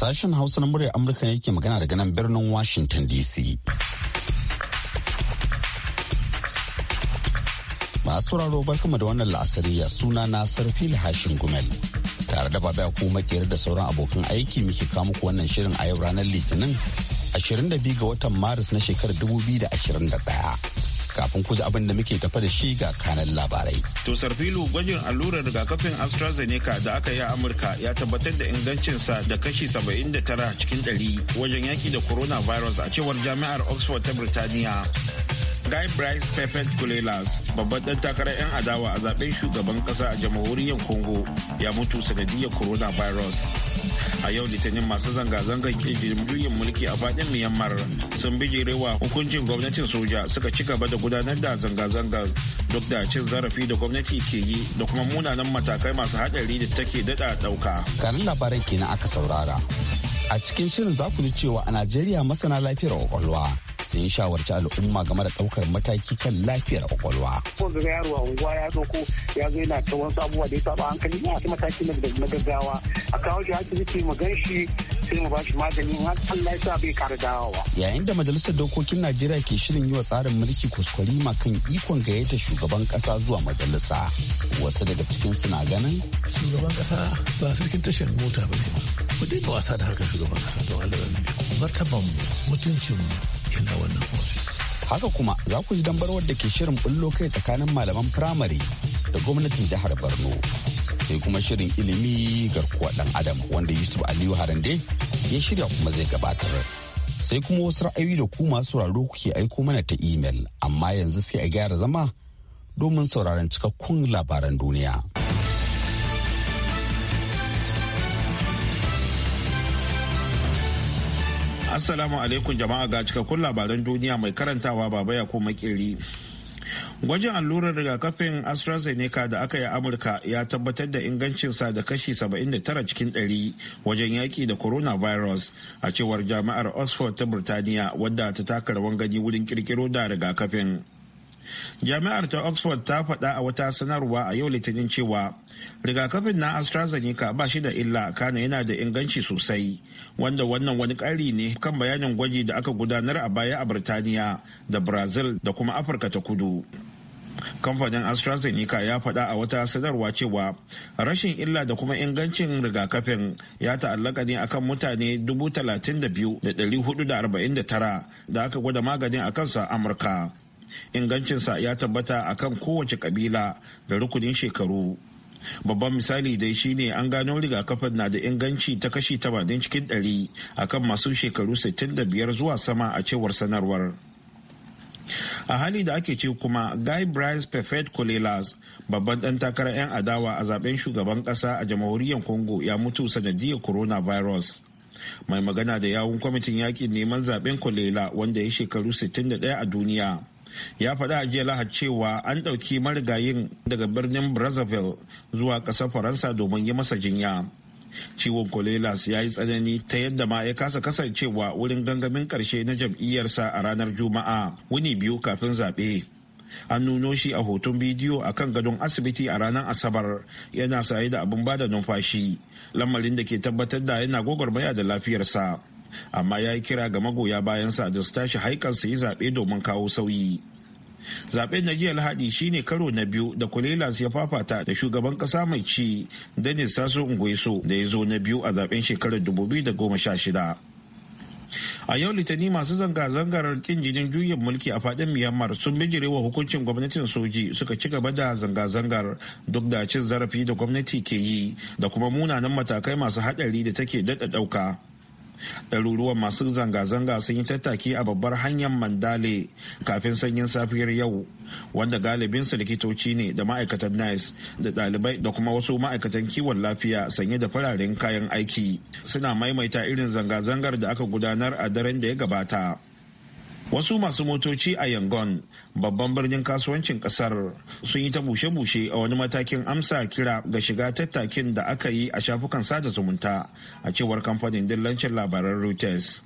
Sashen Hausa na murya Amurka yake magana daga nan birnin Washington DC. Masu raro barkama da wannan la'asariya suna na Sarfil Hashin Gumel. Tare da babaya ku makiyar da sauran abokan aiki muke kawo muku wannan shirin a yau ranar Litinin 22 ga watan Maris na shekarar 2021. kafin kuji abin da muke tafa da shi ga kanan labarai. To Sarfilu gwajin allurar rigakafin AstraZeneca da aka yi a Amurka ya tabbatar da ingancinsa da kashi 79 cikin 100 wajen yaki da coronavirus a cewar jami'ar Oxford ta Birtaniya. Guy Bryce Perfect Kulelas, babban dan takarar 'yan adawa a zaben shugaban ƙasa a jamhuriyar Congo, ya mutu sanadiyar coronavirus. a yau litinin masu zanga-zangar ke juyin mulki a faɗin myanmar sun bijirewa hukuncin gwamnatin soja suka ci gaba da gudanar da zanga-zangar duk da cin zarafi da gwamnati ke yi da kuma munanan matakai masu haɗari da take daɗa ɗauka. kanin labarai kenan aka saurara a cikin shirin za ku ji cewa a najeriya masana lafiyar kwakwalwa sun shawarci al'umma game da ɗaukar mataki kan lafiyar kwakwalwa. Ko ga yaro a unguwa ya zo ko ya zo yana ta wasu abubuwa da ya saba hankali ya ta mataki na gaggawa a kawo shi asibiti mu gan shi sai mu bashi magani har Allah ya sa bai kara dawowa. Yayin da majalisar dokokin Najeriya ke shirin yi wa tsarin mulki kuskurima kan ikon gayyata shugaban kasa zuwa majalisa. Wasu daga cikin suna ganin. Shugaban kasa ba sarkin tashin mota ba ne ba. Ku dai ba wasa da harkar shugaban kasa da wani martaban mutuncinmu yana wannan ofis. Haka kuma za ku ji dambarwar da ke shirin bullo kai tsakanin malaman firamare da gwamnatin jihar Borno. sai kuma shirin ilimi garkuwa dan adam wanda yusuf aliyu harande ya shirya kuma zai gabatar sai kuma wasu ra'ayoyi da ku masu sauraro kuke aiko mana ta imel amma yanzu sai a gyara zama domin sauraron cikakkun labaran duniya assalamu alaikum jama'a ga cikakkun labaran duniya mai karantawa baba ya ko makeri Gwajin allurar rigakafin AstraZeneca da aka yi a Amurka ya tabbatar da ingancinsa da kashi 79 cikin 100 wajen yaƙi da coronavirus a cewar jami'ar Oxford ta Burtaniya wadda ta taka rawan gani wurin kirkiro da rigakafin. jami'ar ta oxford ta faɗa a wata sanarwa a yau litinin cewa rigakafin na astrazeneca ba shi da illa kana yana da inganci sosai wanda wannan wani ƙari ne kan bayanin gwaji da aka gudanar a baya a birtaniya da brazil da kuma afirka ta kudu kamfanin astrazeneca ya faɗa a wata sanarwa cewa rashin illa da kuma ingancin rigakafin ya ta'allaka ne akan mutane 32,449 da aka gwada maganin a kansa amurka ingancinsa ya tabbata a kan kowace kabila da rukunin shekaru babban misali dai shine an gano rigakafin na da inganci ta kashi 80 cikin 100 akan masu shekaru 65 zuwa sama a cewar sanarwar a hali da ake ce kuma guy bryce perfect kolelas babban dan takarar 'yan adawa a zaben shugaban kasa a jamhuriyar congo ya mutu sanadiyar coronavirus mai magana da yawun kwamitin yakin neman zaben kolela wanda ya shekaru 61 a duniya ya faɗa a jiya lahad cewa an ɗauki marigayin daga birnin brazzaville zuwa ƙasar faransa domin yi masa jinya ciwon kolelas ya yi tsanani ta yadda ma ya kasa kasancewa wurin gangamin ƙarshe na jam'iyyarsa a ranar juma'a wuni biyu kafin zaɓe an nuno shi a hoton bidiyo a kan gadon asibiti a ranar asabar yana saye da abin bada numfashi lamarin da ke tabbatar da yana gwagwarmaya da lafiyarsa amma ya yi kira ga magoya bayan sa da su tashi haikan su yi zaɓe domin kawo sauyi zaɓen na jiya lahadi shine karo na biyu da kulelas ya fafata da shugaban ƙasa mai ci dani sasu ungweso da ya zo na biyu a zaɓen shekarar dubu biyu da goma sha shida. a yau litani masu zanga-zangar kin jinin juyin mulki a fadin myanmar sun bijirewa hukuncin gwamnatin soji suka ci gaba da zanga-zangar duk da cin zarafi da gwamnati ke yi da kuma munanan matakai masu hadari da take daɗa ɗauka ɗaruruwan masu zanga-zanga sun yi tattaki a babbar hanyar mandale kafin sanyin safiyar yau wanda galibinsu likitoci ne da ma'aikatan nice da ɗalibai da kuma wasu ma'aikatan kiwon lafiya sanye da fararen kayan aiki suna maimaita irin zanga-zangar da aka gudanar a daren da ya gabata wasu masu motoci a yangon babban birnin kasuwancin kasar sun yi ta bushe-bushe a wani matakin amsa kira ga shiga tattakin da aka yi a shafukan sada zumunta a cewar kamfanin dillancin labaran reuters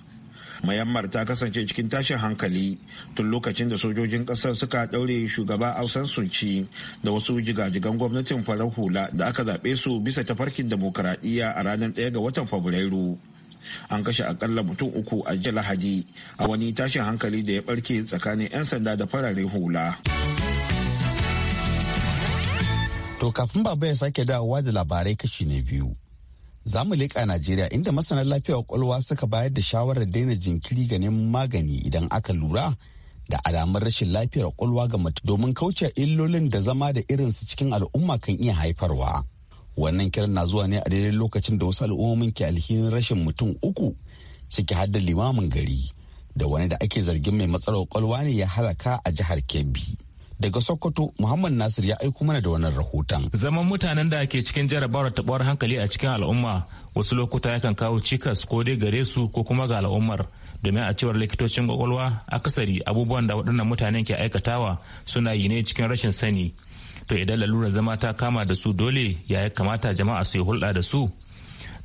mayammar ta kasance cikin tashin hankali tun lokacin da sojojin kasar suka daure shugaba ausan sunci da wasu jigajigan gwamnatin farar hula da aka zaɓe su bisa tafarkin demokuraɗiyya a ranar 1 ga watan fabrairu an kashe akalla mutum uku a jiya lahadi a wani tashin hankali da ya barke tsakanin 'yan sanda da fararen hula to kafin baba ya sake dawowa da labarai kashi ne biyu za mu leƙa najeriya inda masana lafiya kwakwalwa suka bayar da shawarar daina jinkiri ga neman magani idan aka lura da alamar rashin lafiyar kwakwalwa ga mutum domin kauce illolin da zama da irinsu cikin al'umma kan iya haifarwa. wannan kiran na zuwa ne a daidai lokacin da wasu al'ummomin ke alhinin rashin mutum uku ciki har da limamin gari da wani da ake zargin mai matsalar kwalwa ne ya halaka a jihar kebbi daga sokoto muhammad nasir ya aiko mana da wannan rahoton zaman mutanen da ke cikin jarabawar taɓawar hankali a cikin al'umma wasu lokuta yakan kawo cikas ko dai gare su ko kuma ga al'ummar domin a cewar likitocin kwakwalwa akasari abubuwan da waɗannan mutanen ke aikatawa suna yi ne cikin rashin sani to idan lalurar zama ta kama da su dole ya kamata jama'a su yi hulɗa da su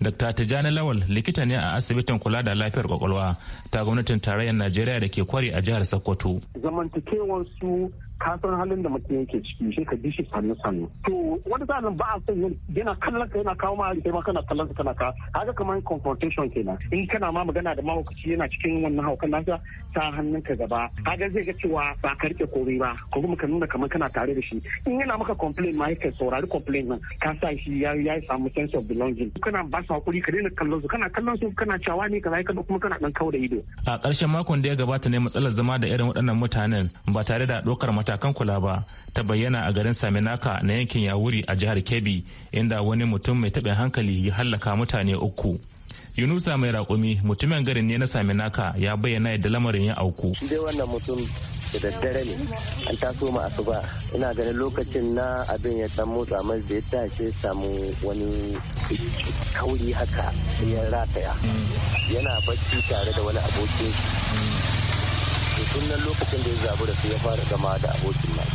Dr. tijani Lawal likita ne a asibitin kula da lafiyar kwakwalwa ta gwamnatin tarayyar Najeriya da ke kwari a jihar Sokoto. zamantakewar su ka san halin da mutum yake ciki sai ka bishi sannu sannu to wani zanen ba a yin yana kallon ka yana kawo ma kai ma kana kallon ka kana ka haka kamar confrontation kenan in kana ma magana da mahaukaci yana cikin wannan haukan nasa ta hannun ka gaba haka zai ga cewa ba ka rike komai ba ko kuma ka nuna kamar kana tare da shi in yana maka complain ma yake saurari complain nan ka sa shi ya ya samu sense of belonging kana ba su hakuri ka daina kallon su kana kallon su kana cewa ne kaza kana kuma kana dan kawo da ido a ƙarshen makon da ya gabata ne matsalar zama da irin waɗannan mutanen ba tare da ɗaukar mata matakan kula ba ta bayyana a garin saminaka na yankin yawuri a jihar kebbi inda wani mutum mai taɓin hankali ya hallaka mutane uku yunusa mai raƙumi mutumin garin ne na saminaka ya bayyana yadda lamarin ya auku wannan mutum da daddare ne an taso ma asuba ina ganin lokacin na abin ya san motsa mai da ya tashi samu wani kauri haka ya rataya yana bacci tare da wani abokin to tun nan lokacin da ya zabu da su ya fara zama da abokin mai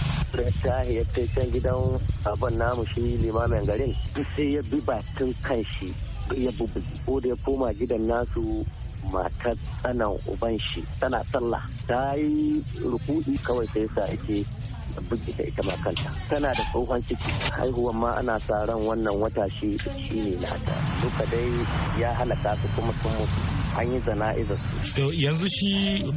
da ta ya kai can gidan abin namu shi limamin garin duk sai ya bi batun kan shi ya bubugi ko da ya koma gidan nasu matar tsanan uban shi tana sallah ta yi rukuɗi kawai sai sa ake da ita ma kanta tana da tsohon ciki haihuwan ma ana sa ran wannan wata shi ne nata duka dai ya halaka su kuma sun mutu an yi zana'izar su yanzu shi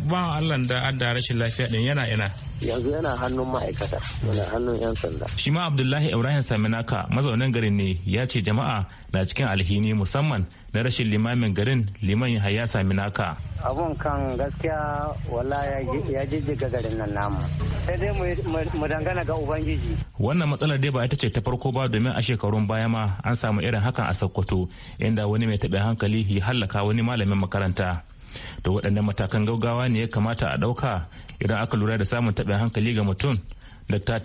ba Allah da an rashin lafiya ɗin yana yana yanzu yana hannun ma'aikata yana hannun 'yan sanda shi ma abdullahi ibrahim saminaka mazaunin garin ne ya ce jama'a na cikin alhini musamman na rashin limamin garin liman haya saminaka abun kan gaskiya wala ya jijjiga garin nan namu sai dai mu dangana ga ubangiji wannan matsalar dai ba ita ce ta farko ba domin a shekarun baya ma an samu irin hakan a sokoto inda wani mai taɓin hankali ya hallaka wani malamin makaranta da waɗannan matakan gaugawa ne ya kamata a ɗauka idan aka lura da samun taɓin hankali ga mutum Dr.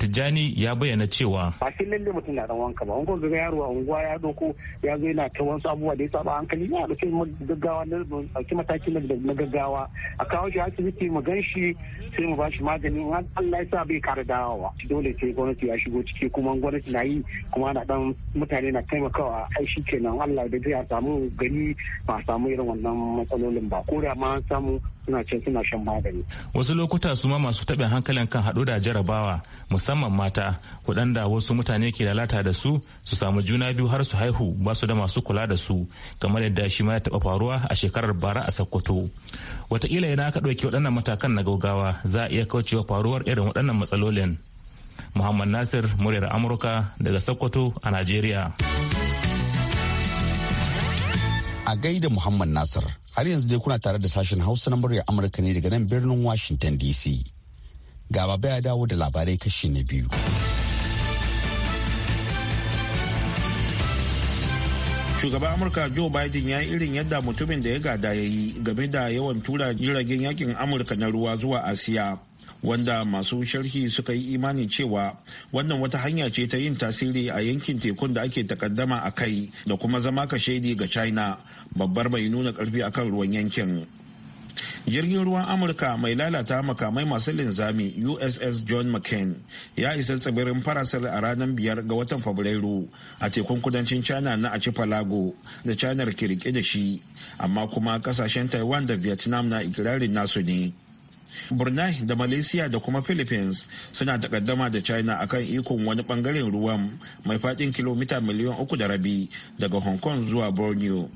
ya bayyana cewa. Ba shi lalle mutum na dan wanka ba. Wankan ga yaro a unguwa ya doko ya zo yana ta wasu abubuwa da ya saba hankali ya dauki gaggawa na dauki mataki na gaggawa a kawo shi asibiti mu gan shi sai mu shi magani in Allah ya sa bai kara dawowa. Dole sai gwamnati ya shigo ciki kuma gwamnati na yi kuma na dan mutane na taimakawa ai shi kenan Allah da zai samu gani ba samu irin wannan matsalolin ba ko da ma samu suna can suna shan magani. Wasu lokuta su ma masu taɓin hankalin kan haɗu da jarabawa musamman mata waɗanda wasu mutane ke lalata da su su samu juna biyu har su haihu ba su da masu kula da su kamar yadda shi ma ya taɓa faruwa a shekarar bara a Sokoto. Wataƙila idan aka ɗauki waɗannan matakan na gaugawa za a iya kaucewa faruwar irin waɗannan matsalolin. Muhammad Nasir muryar Amurka daga Sokoto a Najeriya. A gaida Muhammad Nasir, har yanzu dai kuna tare da sashen Hausa na muryar Amurka ne daga nan birnin Washington DC. Gaba ya dawo da labarai kashi na biyu. shugaban amurka joe biden ya yi irin yadda mutumin da ya gada ya yi game da yawan tura jiragen yakin amurka na ruwa zuwa asiya wanda masu sharhi suka yi imanin cewa wannan wata hanya ce ta yin tasiri a yankin tekun da ake takaddama a kai da kuma zama kashedi ga china babbar mai nuna karfi akan ruwan yankin jirgin ruwan amurka mai lalata makamai masu linzami uss john mccain ya isa tsibirin farasar a ranar biyar ga watan fabrairu a tekun kudancin china na archipelago da china ke rike da shi amma kuma kasashen taiwan da vietnam na ikirarin nasu ne Brunei da Malaysia da kuma Philippines suna takaddama da China akan ikon wani bangaren ruwan mai faɗin kilomita miliyan uku da rabi daga Hong Kong zuwa Borneo.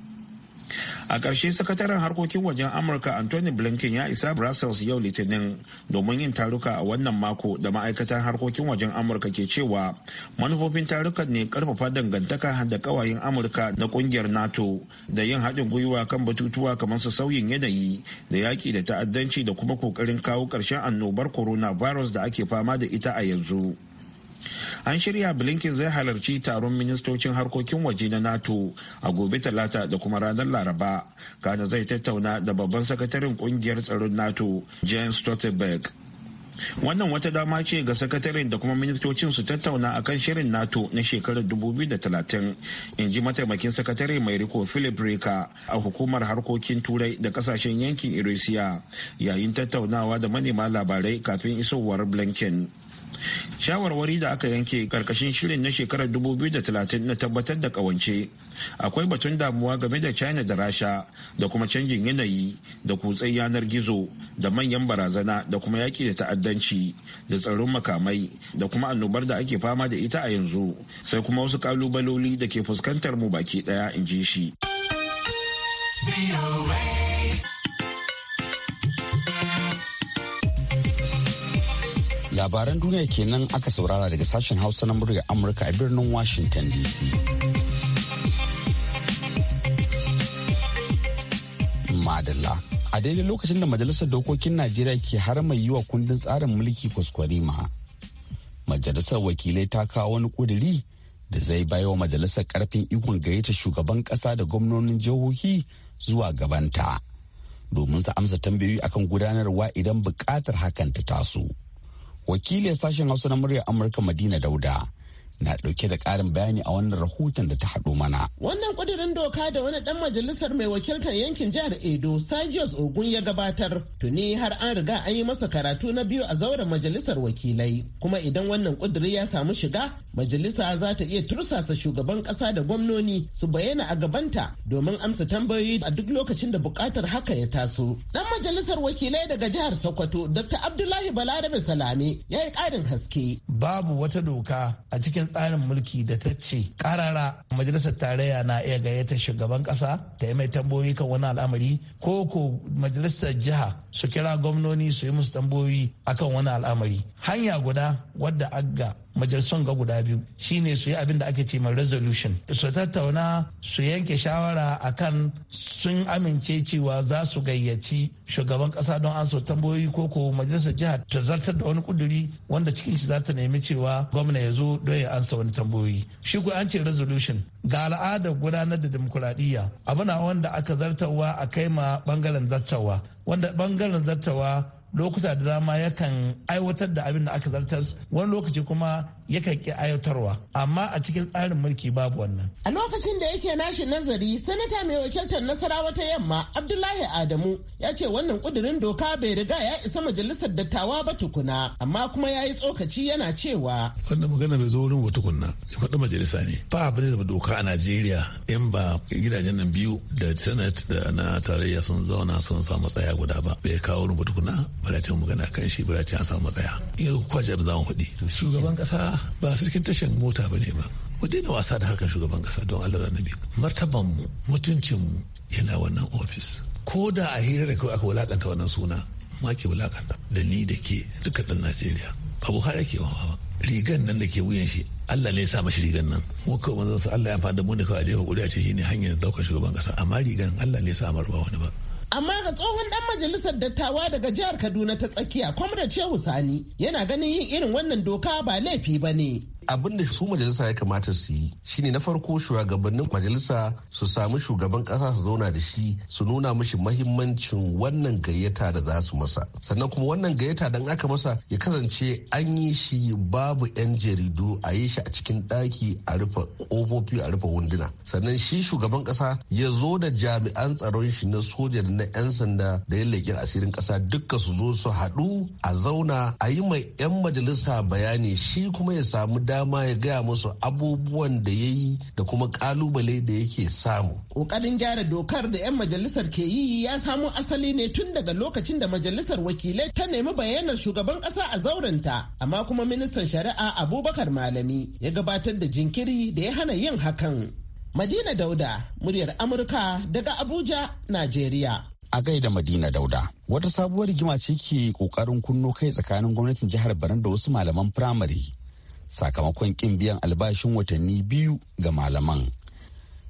a ƙarshe sakataren harkokin wajen amurka anthony blinken ya isa brussels yau litinin domin yin taruka a wannan mako da ma'aikatan harkokin wajen amurka ke cewa manufofin tarukan ne karfafa dangantaka da kawayen amurka na kungiyar nato da yin haɗin gwiwa kan batutuwa kamar su sauyin yanayi da yaƙi da ta'addanci da kuma ƙoƙarin kawo ƙarshen annobar coronavirus da ake fama da ita a yanzu an shirya blinken zai halarci taron ministocin harkokin waje na nato a gobe talata da kuma ranar laraba gana zai tattauna da babban sakataren kungiyar tsaron nato james stoltenberg wannan wata dama ce ga sakataren da kuma ministocin su tattauna akan shirin nato na shekarar 2030 in ji mataimakin sakatare mai riko philip rika a hukumar harkokin turai da kasashen yankin irisiya yayin tattaunawa da manema labarai kafin isowar blinken shawarwari da aka yanke karkashin shirin na shekarar 2030 na tabbatar da kawance akwai batun damuwa game da china da rasha da kuma canjin yanayi da kutsen yanar gizo da manyan barazana da kuma yaƙi da ta'addanci da tsaron makamai da kuma annobar da ake fama da ita a yanzu sai kuma wasu kalubaloli da ke fuskantar mu baki daya in ji shi. labaran duniya kenan aka saurara daga sashen hausa na murya amurka a birnin washington dc madalla a daidai lokacin da majalisar dokokin najeriya ke har mai yi wa kundin tsarin mulki kwaskwarima majalisar wakilai ta kawo wani kuduri da zai bayo wa majalisar karfin ikon gayyata shugaban kasa da gwamnonin jihohi zuwa gabanta domin su amsa tambayoyi akan gudanarwa idan bukatar hakan ta taso. wakilin sashen hausa na muryar amurka madina dauda na dauke da karin bayani a wannan rahoton da ta haɗo mana. Wannan ƙudurin doka da wani ɗan majalisar mai wakiltar yankin jihar Edo, Sajios Ogun ya gabatar, tuni har an riga an yi masa karatu na biyu a zauren majalisar wakilai. Kuma idan wannan ƙuduri ya samu shiga, majalisa za ta iya tursasa shugaban kasa da gwamnoni su bayyana a gabanta domin amsa tambayoyi a duk lokacin da bukatar haka ya taso dan majalisar wakilai daga jihar sokoto dr abdullahi balarabe salame ya yi karin haske babu wata doka a cikin tsarin mulki da ta ce karara majalisar tarayya na iya gayyata shugaban kasa ta yi mai tambayoyi kan wani al'amari ko ko majalisar jiha su kira gwamnoni su yi musu tambayoyi akan wani al'amari hanya guda wadda agga majalisun ga guda biyu shine su yi abin da ake ce ma resolution su tattauna su yanke shawara akan sun amince cewa za su gayyaci shugaban kasa don an so tambayoyi ko ko majalisar jihar ta zartar da wani kuduri wanda cikin shi za ta nemi cewa gwamna ya zo don ya ansa wani tambayoyi shi ko an ce resolution ga al'adar gudanar da demokuraɗiyya abu na wanda aka zartarwa a kai ma bangaren zartarwa wanda bangaren zartawa lokuta da dama yakan aiwatar da abin da aka zartas wani lokaci kuma yakan ki aiwatarwa amma a cikin tsarin mulki babu wannan. A lokacin da yake nashi nazari sanata mai wakiltar nasarawa ta yamma Abdullahi Adamu ya ce wannan kudirin doka bai riga ya isa majalisar dattawa ba tukuna amma kuma ya yi tsokaci yana cewa. Wannan magana bai zo wurin ba tukuna ya faɗi majalisa ne. Ba abin da doka a Najeriya in ba gidajen nan biyu da Senate da na tarayya sun zauna sun samu tsaya guda ba bai kawo wurin ba tukuna bala ta magana kan shi bala ta yi an samu matsaya in yanzu kwaje hudi shugaban ƙasa ba sarkin tashin mota ba ne ba mu daina wasa da harkar shugaban ƙasa don allah da nabi mutuncin mu yana wannan ofis ko da a hira da kawai aka wulakanta wannan suna ma ke wulakanta da ni da ke duka ɗan najeriya ba buhari ke wa ba rigan nan da ke wuyan shi Allah ne ya sa mashi rigan nan mu kawai manzon sa Allah ya fada mu ne kawai a jefa a ce shine hanyar daukar shugaban kasa amma rigan Allah ne ya sa marba wani ba Amma ga tsohon dan majalisar dattawa daga jihar Kaduna ta tsakiya, Kwamrat Shehu Sani, yana ganin yin irin wannan doka ba laifi ba ne. abin da su majalisa ya kamata su yi shine na farko shugabannin majalisa su sami shugaban kasa su zauna da shi su nuna mishi mahimmancin wannan gayyata da za su masa sannan kuma wannan gayyata don aka masa ya kasance an yi shi babu 'yan jaridu a yi shi a cikin ɗaki a rufe ƙofofi a rufe wunduna sannan shi shugaban kasa ya zo da jami'an tsaron shi na soja da na 'yan sanda da ya leƙin asirin kasa dukka su zo su haɗu a zauna a yi mai 'yan majalisa bayani shi kuma ya samu da dama ya gaya musu abubuwan da ya yi da kuma kalubale da yake samu. Ƙoƙarin gyara dokar da 'yan majalisar ke yi ya samo asali ne tun daga lokacin da majalisar wakilai ta nemi bayanan shugaban ƙasa a zaurenta, amma kuma ministan shari'a Abubakar Malami ya gabatar da jinkiri da ya hana yin hakan. Madina Dauda, muryar Amurka daga Abuja, Najeriya. a gaida Madina Dauda. Wata sabuwar rigima ce ke kokarin kunno kai tsakanin gwamnatin jihar Barna da wasu malaman firamare sakamakon kin biyan albashin watanni biyu ga malaman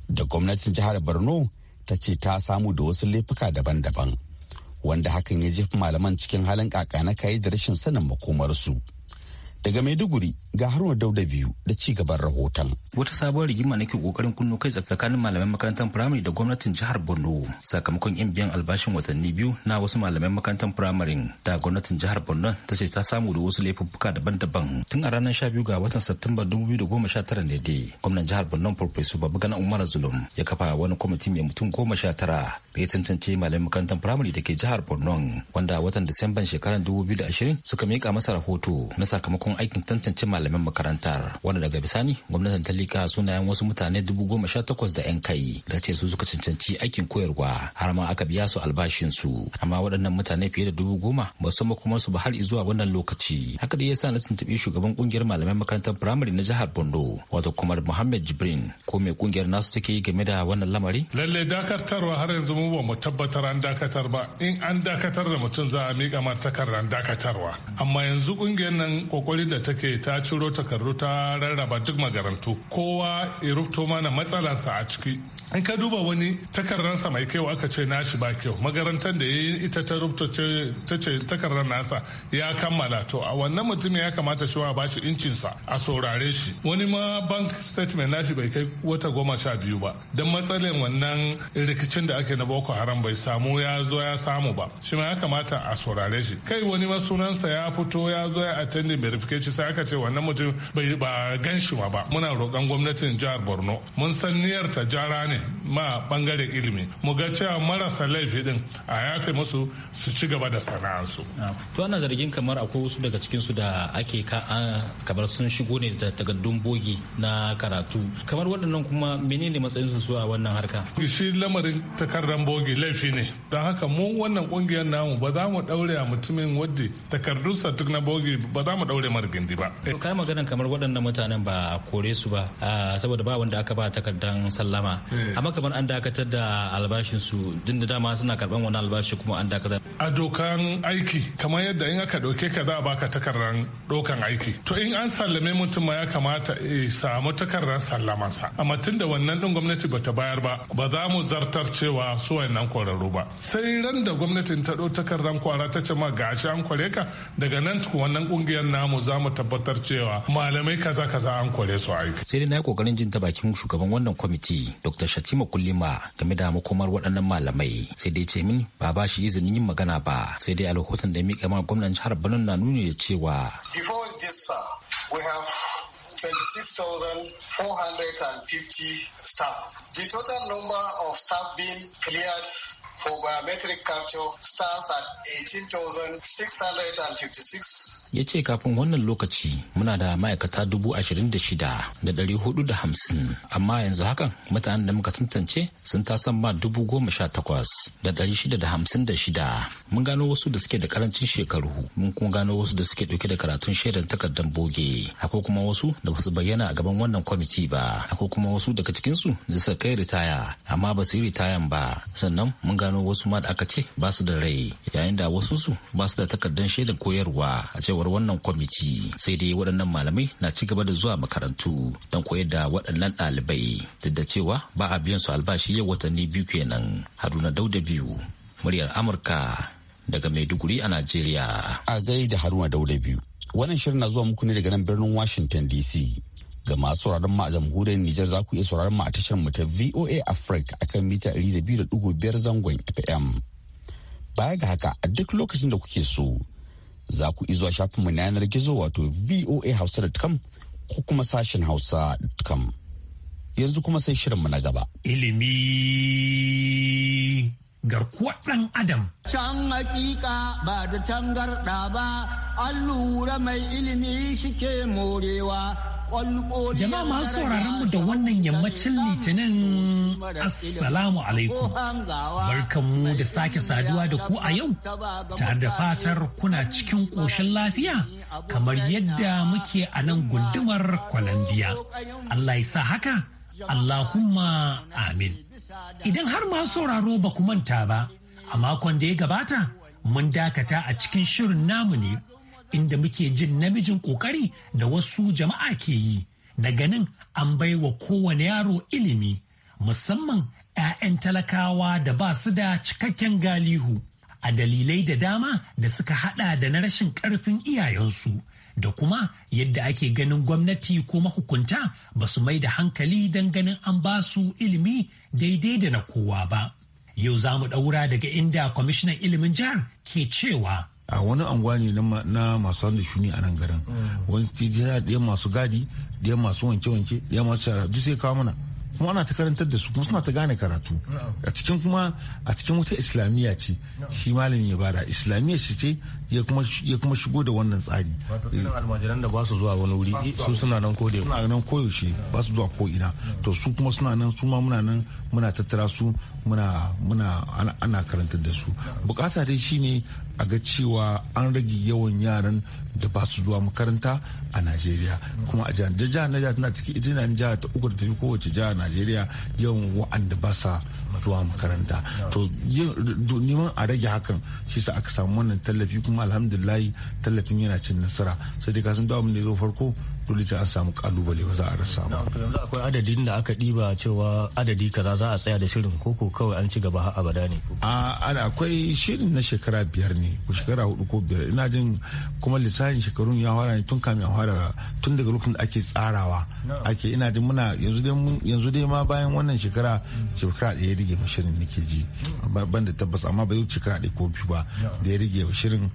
da gwamnatin jihar borno ta ce ta samu da wasu laifuka daban-daban wanda hakan ya jefa malaman cikin halin kaka kayi da rashin sanin makomarsu daga maiduguri ga haruna dauda biyu da ci gaban rahoton wata sabuwar rigima na ke kokarin kunno kai tsakanin malaman makarantar firamare da gwamnatin jihar borno sakamakon yan biyan albashin watanni biyu na wasu malaman makarantar firamare da gwamnatin jihar borno ta ce ta samu da wasu laifuffuka daban-daban tun a ranar 12 ga watan Satumba 2019 ne dai gwamnan jihar Borno babu gana Umar Zulum ya kafa wani kwamiti mai mutum goma sha tara da ya tantance malaman makarantar firamare da ke jihar Borno wanda watan Disamban shekarar 2020 suka miƙa masa rahoto na sakamakon aikin tantance malaman malaman makarantar wanda daga bisani gwamnatin ta lika sunayen wasu mutane dubu goma sha takwas da yan kai da ce su suka cancanci aikin koyarwa har ma aka biya su albashin su amma waɗannan mutane fiye da dubu goma ba su kuma su ba har zuwa wannan lokaci haka da ya sa na tuntuɓi shugaban kungiyar malaman makarantar firamare na jihar Bondo wato kuma Muhammad Jibrin ko mai kungiyar nasu take yi game da wannan lamari lalle dakatarwa har yanzu mu ba mu tabbatar an dakatar ba in an dakatar da mutum za a miƙa ma takardar dakatarwa amma yanzu kungiyar nan kokarin da take ta ci ciro takardu ta rarraba duk magarantu kowa ya rufto mana matsalarsa a ciki in ka duba wani sa mai kyau aka ce nashi ba kyau magarantar da ita ta rubuta ta ce takarar nasa ya kammala to a wannan mutumin ya kamata shi wa ba shi incinsa a saurare shi wani ma bank statement nashi bai kai wata goma sha biyu ba don matsalin wannan rikicin da ake na boko haram bai samu ya zo ya samu ba shi ma ya kamata a saurare shi kai wani ma sunansa ya fito ya zo ya attending verification sai aka ce wannan na mutum bai ba gan shi ba muna roƙon gwamnatin jihar borno mun san niyyar ta jara ne ma bangaren ilimi mu ga cewa marasa laifi din a yafe musu su ci gaba da sana'ansu to ana zargin kamar akwai wasu daga cikin su da ake kamar sun shigo ne da takardun bogi na karatu kamar waɗannan kuma menene matsayin su a wannan harka shi lamarin takardar bogi laifi ne don haka mu wannan kungiyar namu ba za mu daure a mutumin wadda takardunsa duk na bogi ba za mu daure margindi ba kai magana kamar waɗannan mutanen ba a kore su ba saboda ba wanda aka ba takardan sallama eh. amma kamar an dakatar da albashin su din da dama suna karban wani albashi kuma an dakatar a dokan aiki kamar yadda in aka doke ka za a baka takardar dokan aiki to in an sallame mutum ma ya kamata ya samu takardar sallama sa amma tun da wannan din gwamnati bata bayar ba ba za mu zartar cewa su wayannan kwararru ba sai ran da gwamnatin ta dau takardar kwara ta ce ma gashi an kware ka daga nan wannan kungiyar namu za mu tabbatar cewa cewa malamai kaza kaza an kore su aiki sai dai na yi kokarin jin ta bakin shugaban wannan kwamiti dr shatima kullima game da makomar waɗannan malamai sai dai ce min ba ba shi izinin yin magana ba sai dai a da ya miƙa ma gwamnan jihar Borno na nuni da cewa before this sir we have 26,450 staff. The total number of staff being cleared for biometric capture stands at 18,656 ya ce kafin wannan lokaci muna da ma'aikata dubu ashirin da shida da ɗari hudu da hamsin amma yanzu hakan mutanen da muka tantance sun tasan ma dubu goma sha takwas da ɗari shida da hamsin da shida mun gano wasu da suke da karancin shekaru mun kuma gano wasu da suke ɗauke da karatun shaidan takardar boge akwai kuma wasu da basu bayyana a gaban wannan kwamiti ba akwai kuma wasu daga cikinsu da suka kai ritaya amma ba su yi ritayan ba sannan mun gano wasu ma da aka ce ba su da rai yayin da wasu su ba su da takardar shaidan koyarwa a cewa cewar wannan kwamiti sai dai waɗannan malamai na ci gaba da zuwa makarantu don koyar da waɗannan ɗalibai duk da cewa ba a biyan su albashi yau watanni biyu kenan haruna dauda biyu muryar amurka daga maiduguri a najeriya a gaida haruna dauda biyu wannan shirin na zuwa muku ne daga nan birnin washington dc ga masu sauraron ma a jamhuriyar Nijar za ku iya sauraron mu a tashar mu ta VOA Africa akan mita 200.5 zangon FM. Baya ga haka a duk lokacin da kuke so za ku izuwa shafinmu na yanar gizo wato voahausa.com ko kuma sashen hausa.com. Yanzu kuma sai shirinmu na gaba. Ilimi garkuwa ɗan Adam. Can hakika ba da tangarɗa ba, an lura mai ilimi shike morewa Jama'a masu sauraron mu da wannan yammacin litinin Assalamu alaikum. Barkanmu da sake saduwa da ku a yau, tare da fatar kuna cikin ƙoshin lafiya kamar yadda muke a nan gundumar kwalambiya. Allah ya sa haka, Allahumma amin. Idan har masu sauraro ba ku manta ba, a makon da ya gabata, mun dakata a cikin shirin namu ne. inda muke jin namijin kokari da wasu jama'a ke yi na ganin an baiwa kowane yaro ilimi musamman 'ya'yan talakawa da ba su da cikakken galihu a dalilai da dama da suka hada da na rashin karfin iyayensu da kuma yadda ake ganin gwamnati ko mahukunta ba su mai da hankali don ganin an ba su ilimi daidai da na kowa ba. Yau za mu ɗaura daga inda kwamishinan ilimin jihar ke cewa a wani anguwa ne na masu wanda shuni a nan garin mm. wani ɗaya masu gadi ɗaya masu wanke-wanke ɗaya masu shara duk sai kawo mana kuma ana ta karantar da su kuma suna ta gane karatu a cikin kuma a cikin wata islamiyya ce shi malam ya bada islamiyya shi ce ya kuma shigo da wannan tsari irin almajiran da ba su zuwa wani wuri su suna nan koda suna nan ba su zuwa ko ina to su kuma suna nan su ma muna nan muna tattara su muna muna ana karantar da su bukata dai shine a ga cewa an rage yawan yaran da ba su zuwa makaranta a najeriya kuma a jihar da jihar najeriya tana ciki ita na jihar ta uku da tafi kowace jihar najeriya yawan wa'anda ba sa zuwa makaranta to neman a rage hakan shi sa aka samu wannan tallafi kuma alhamdulillahi tallafin yana cin nasara sai dai kasan dawo ya zo farko dole ta an samu kalubale ba za a rasa ba yanzu akwai adadin da aka diba cewa adadi kaza za a tsaya da shirin ko ko kawai an ci gaba har abada ne a ana akwai shirin na shekara biyar ne ko shekara hudu ko biyar ina jin kuma lissafin shekarun ya fara ne tun kamin ya fara tun daga lokacin da ake tsarawa ake ina jin muna yanzu dai yanzu dai ma bayan wannan shekara shekara da ya rige ma shirin nake ji ban da tabbas amma ba zai shekara ɗaya ko biyu ba da ya rige shirin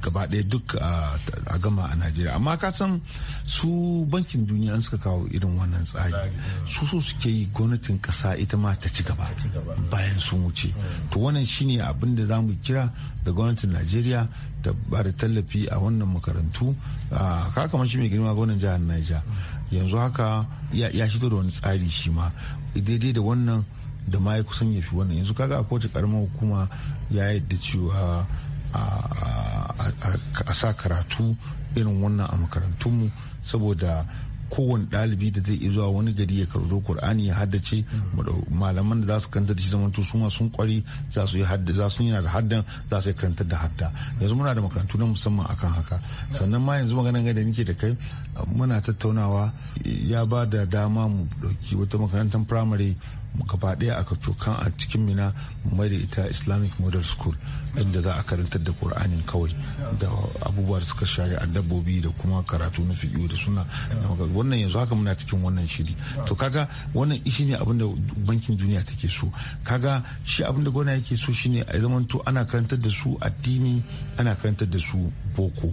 gaba ɗaya duk a gama a najeriya amma ka san su bankin duniya suka kawo irin wannan tsari su so suke yi gwamnatin kasa ita ma ta ci gaba bayan sun wuce to wannan shine abin da za mu kira da gwamnatin najeriya ta ba da tallafi a wannan makarantu ka kamar shi mai girma gwamnan jihar niger yanzu haka ya fito da wani tsari shi ma daidai da wannan da ma ya kusan ya fi wannan yanzu kaga a kowace karamar hukuma ya yadda cewa a sa karatu irin wannan a makarantunmu saboda kowane ɗalibi da zai zuwa wani gari ya karzo Kur'ani ya haddace malaman da za su karanta da shi zamanto su ma sun kwari za su yi hadda za su yi da haddan za su karantar da hadda yanzu muna da makarantu na musamman akan haka sannan ma yanzu maganan da nake da kai muna tattaunawa ya ba da dama mu ɗauki wata makarantar firamare gaba ɗaya aka cokan a cikin mina mai ita islamic model school inda za a karantar da ƙur'anin kawai da abubuwa da suka share a dabbobi da kuma karatu na fiƙo da suna wannan yanzu haka muna cikin wannan shiri to kaga wannan ishi ne abinda bankin duniya take so kaga shi abinda gwamna yake so shine a zamanto ana karantar da su addini ana karantar da su boko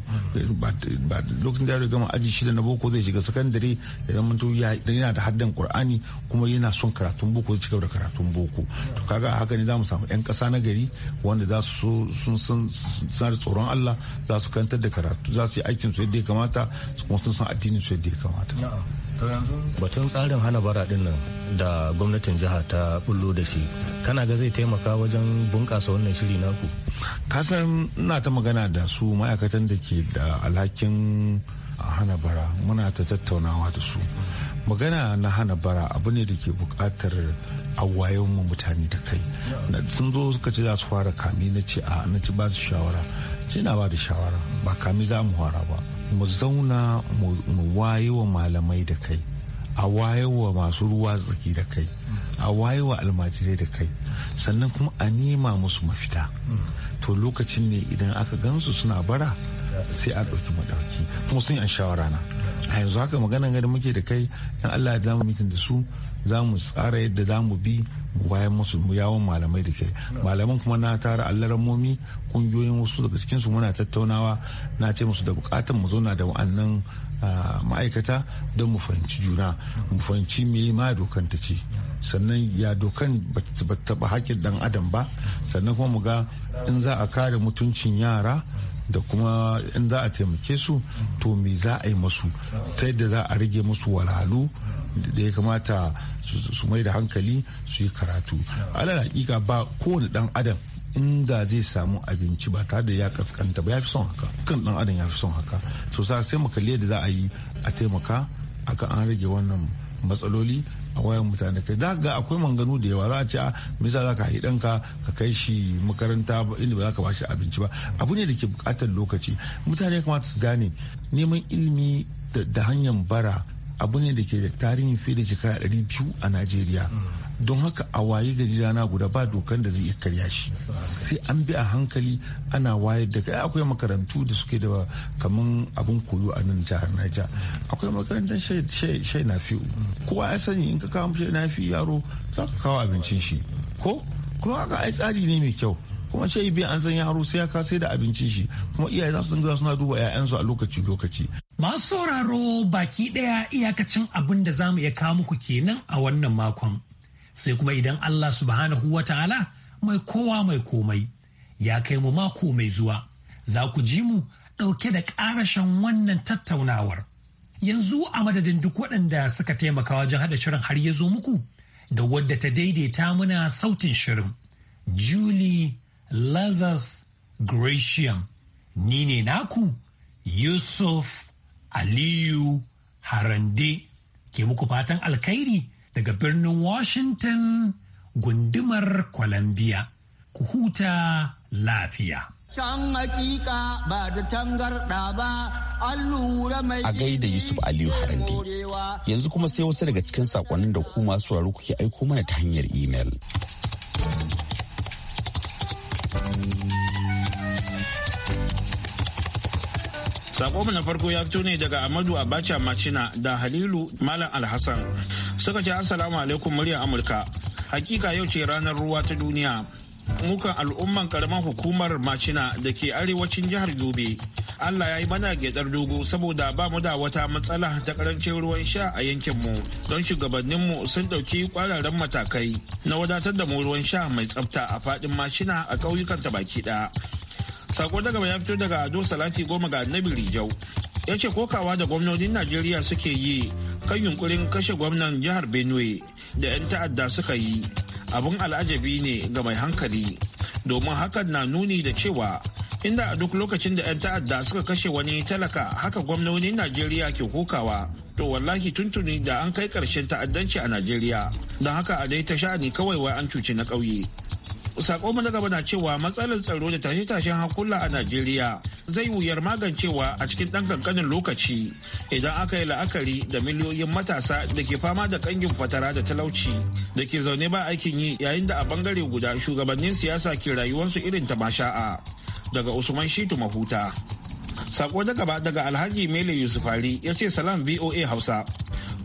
ba lokacin da ya gama aji shida na boko zai shiga sakandare ya zama yana da haddan kur'ani kuma yana son karatun boko zai cigaba da karatun boko to kaga haka ne zamu samu yan kasa na gari wanda za su sun san suna da tsoron Allah za su karantar da karatu za su yi aikin su yadda ya kamata kuma sun san addinin su yadda ya kamata batun tsarin hana bara din nan da gwamnatin jiha ta bullo da shi kana ga zai taimaka wajen bunƙasa wannan shiri naku kasan ina ta magana da su ma'aikatan da ke da alhakin hana bara muna ta tattaunawa da su magana na hana bara abu ne da ke buƙatar a wayon mu mutane da kai sun zo suka ce za su fara kami na ce a na ci ba su shawara ce na ba da shawara ba kami za mu fara ba mu zauna mu wayewa malamai da kai a wayewa masu ruwa tsaki da kai a wayewa almajirai da kai sannan kuma a nema musu mafita to lokacin ne idan aka gansu suna bara sai a ɗauki maɗauki kuma sun yi an shawara na a yanzu haka magana gani muke da kai in Allah ya damu mitin da su za mu tsara yadda za bi wayan musu yawon malamai da ke malaman kuma na tara allaramomi kungiyoyin wasu daga cikin su muna tattaunawa na ce musu da bukatan mu zauna da wa'annan ah, ma'aikata don mu fahimci juna mu fahimci me ma dokan ta ce sannan ya dokan ba taɓa hakkin ɗan adam ba sannan kuma mu ga in za a kare mutuncin yara da kuma in za a taimake su to me za a yi masu ta yadda za a rage musu walhalu da ya kamata su mai da hankali su yi karatu alal hakika ba kowane dan adam inda zai samu abinci ba tare da ya kaskanta ba ya fi son haka kan dan adam ya fi son haka to sai mu kalli yadda za a yi a taimaka aka an rage wannan matsaloli a wayan mutane kai da ga akwai manganu da yawa za a ce a ah, misa za ka haɗi ɗanka ka kai shi makaranta inda ba za ka ba shi abinci ba abu ne da ke buƙatar lokaci mutane ya kamata su gane neman ilimi da hanyar bara abu ne da ke da tarihin fiye da shekara 200 a najeriya don haka a waye gari rana guda ba dokan da zai iya karya shi sai an bi a hankali ana wayar da kai akwai makarantu da suke da kaman abin koyo a nan jihar Niger akwai makarantar shai na fi'u kowa ya sani in ka kawo shai na fi yaro za ka kawo abincin shi ko kuma haka ai tsari ne mai kyau kuma ce bi an san yaro sai ya sai da abincin shi kuma iyaye za su dinga suna duba 'ya'yansu a lokaci lokaci Masu sauraro baki ɗaya iyakacin abin da za mu iya kawo muku kenan a wannan makon. sai kuma idan Allah subhanahu wa ta'ala mai kowa mai komai ya kai mu mako mai zuwa za ku ji mu ɗauke da ƙarashen wannan tattaunawar. Yanzu a madadin duk waɗanda suka taimaka wajen haɗa shirin har ya zo muku da wadda ta daidaita muna sautin shirin. Julie Lazarus Gratian ni ne naku Yusuf Aliyu Harande ke muku fatan alkhairi. daga birnin Washington gundumar Columbia. Ku huta lafiya. Can hakika ba da ba, an mai A gaida Yusuf Aliyu Harande. Yanzu kuma sai wasu daga cikin sakonnin da kuma masu sauraro kuke aiko mana ta hanyar imel. Sako na farko ya fito ne daga Amadu Abacha machina da Halilu Malam Alhassan. suka ce assalamu alaikum murya amurka hakika yau ce ranar ruwa ta duniya mukan al'umman karamar hukumar macina da ke arewacin jihar yobe allah ya yi mana gyadar dogo saboda ba mu da wata matsala ta karancin ruwan sha a yankinmu don shugabanninmu sun ɗauki kwararren matakai na wadatar da mu ruwan sha mai tsafta a faɗin macina a ƙauyukan ta baki ɗaya sako daga ya fito daga ado salati goma ga annabi rijau ya ce kokawa da gwamnonin najeriya suke yi kan yunkurin kashe gwamnan jihar benue da 'yan ta'adda suka yi abun al'ajabi ne ga mai hankali domin hakan na nuni da cewa inda a duk lokacin da 'yan ta'adda suka kashe wani talaka haka gwamnonin najeriya ke kokawa to wallahi tuntuni da an kai karshen ta'addanci a najeriya don haka a dai ta sha'ani kawai wai an cuci na ƙauye sako mu na gaba na cewa matsalar tsaro da tashe-tashen hakula a najeriya zai wuyar magancewa a cikin ɗan kankanin lokaci idan aka yi la'akari da miliyoyin matasa da ke fama da ƙangin fatara da talauci da ke zaune ba aikin yi yayin da a bangare guda shugabannin siyasa ke rayuwarsu irin ta masha'a daga usman shitu mahuta sako na gaba daga alhaji mele yusufari ya ce salam voa hausa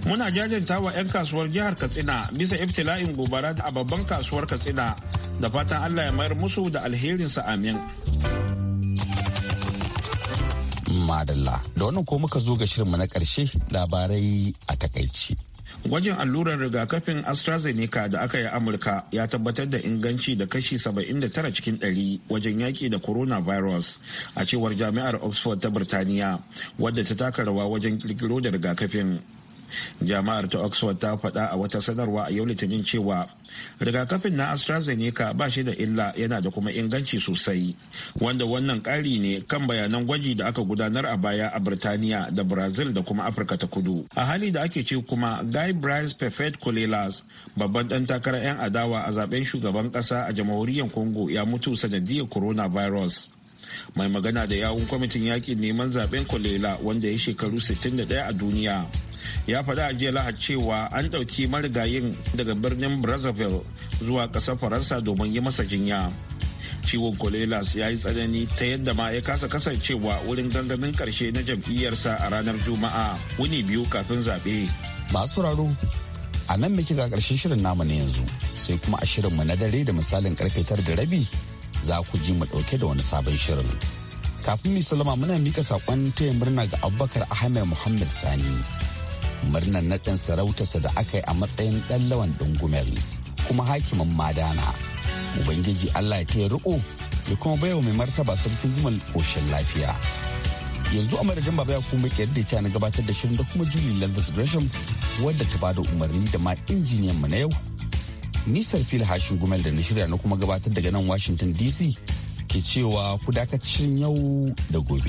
muna jajanta wa 'yan kasuwar jihar katsina bisa iftila'in gobara a babban kasuwar katsina da fatan allah ya mayar musu da alherinsa amin madalla da wannan ko muka zo ga shirinmu na karshe labarai a takaici gwajin allurar rigakafin astrazeneca da aka yi amurka ya tabbatar da inganci da kashi 79 cikin 100 wajen yaƙi da coronavirus a cewar jami'ar oxford ta birtaniya wadda ta taka rawa wajen kirkiro da rigakafin jama'ar ta oxford ta faɗa a wata sanarwa a yau litinin cewa rigakafin na astrazeneca ba shi da illa yana da kuma inganci sosai wanda wannan ƙari ne kan bayanan gwaji da aka gudanar a baya a birtaniya da brazil da kuma afirka ta kudu a hali da ake ce kuma guy bryce perfect colelas babban ɗan takarar 'yan adawa a zaben shugaban ƙasa a jamhuriyar congo ya mutu sanadiyar coronavirus mai magana da yawun kwamitin yakin neman zaben kolela wanda ya shekaru 61 a duniya ya faɗa a jiya lahad cewa an ɗauki marigayin daga birnin brazzaville zuwa ƙasar faransa domin yi masa jinya ciwon kolelas ya yi tsanani ta yadda ma ya kasa kasancewa wurin gangamin karshe na jam'iyyarsa a ranar juma'a wuni biyu kafin zaɓe masu raro a nan muke ga karshen shirin namu na yanzu sai kuma a shirinmu na dare da misalin karfe tara da rabi za ku ji mu ɗauke da wani sabon shirin kafin mu salama muna mika saƙon taya murna ga abubakar ahmed muhammad sani murnar ɗan sarautarsa da aka yi a matsayin ɗan lawan dungumel kuma hakimin madana ubangiji allah ya ya riko ya kuma baiwa mai martaba sarkin gumal koshin lafiya yanzu a madadin baba ya kuma da ta na gabatar da shirin da kuma julie landis gresham wadda ta bada umarni da ma injiniyan mu na yau nisar fil hashin gumel da na shirya na kuma gabatar daga nan washington dc ke cewa ku dakacin yau da gobe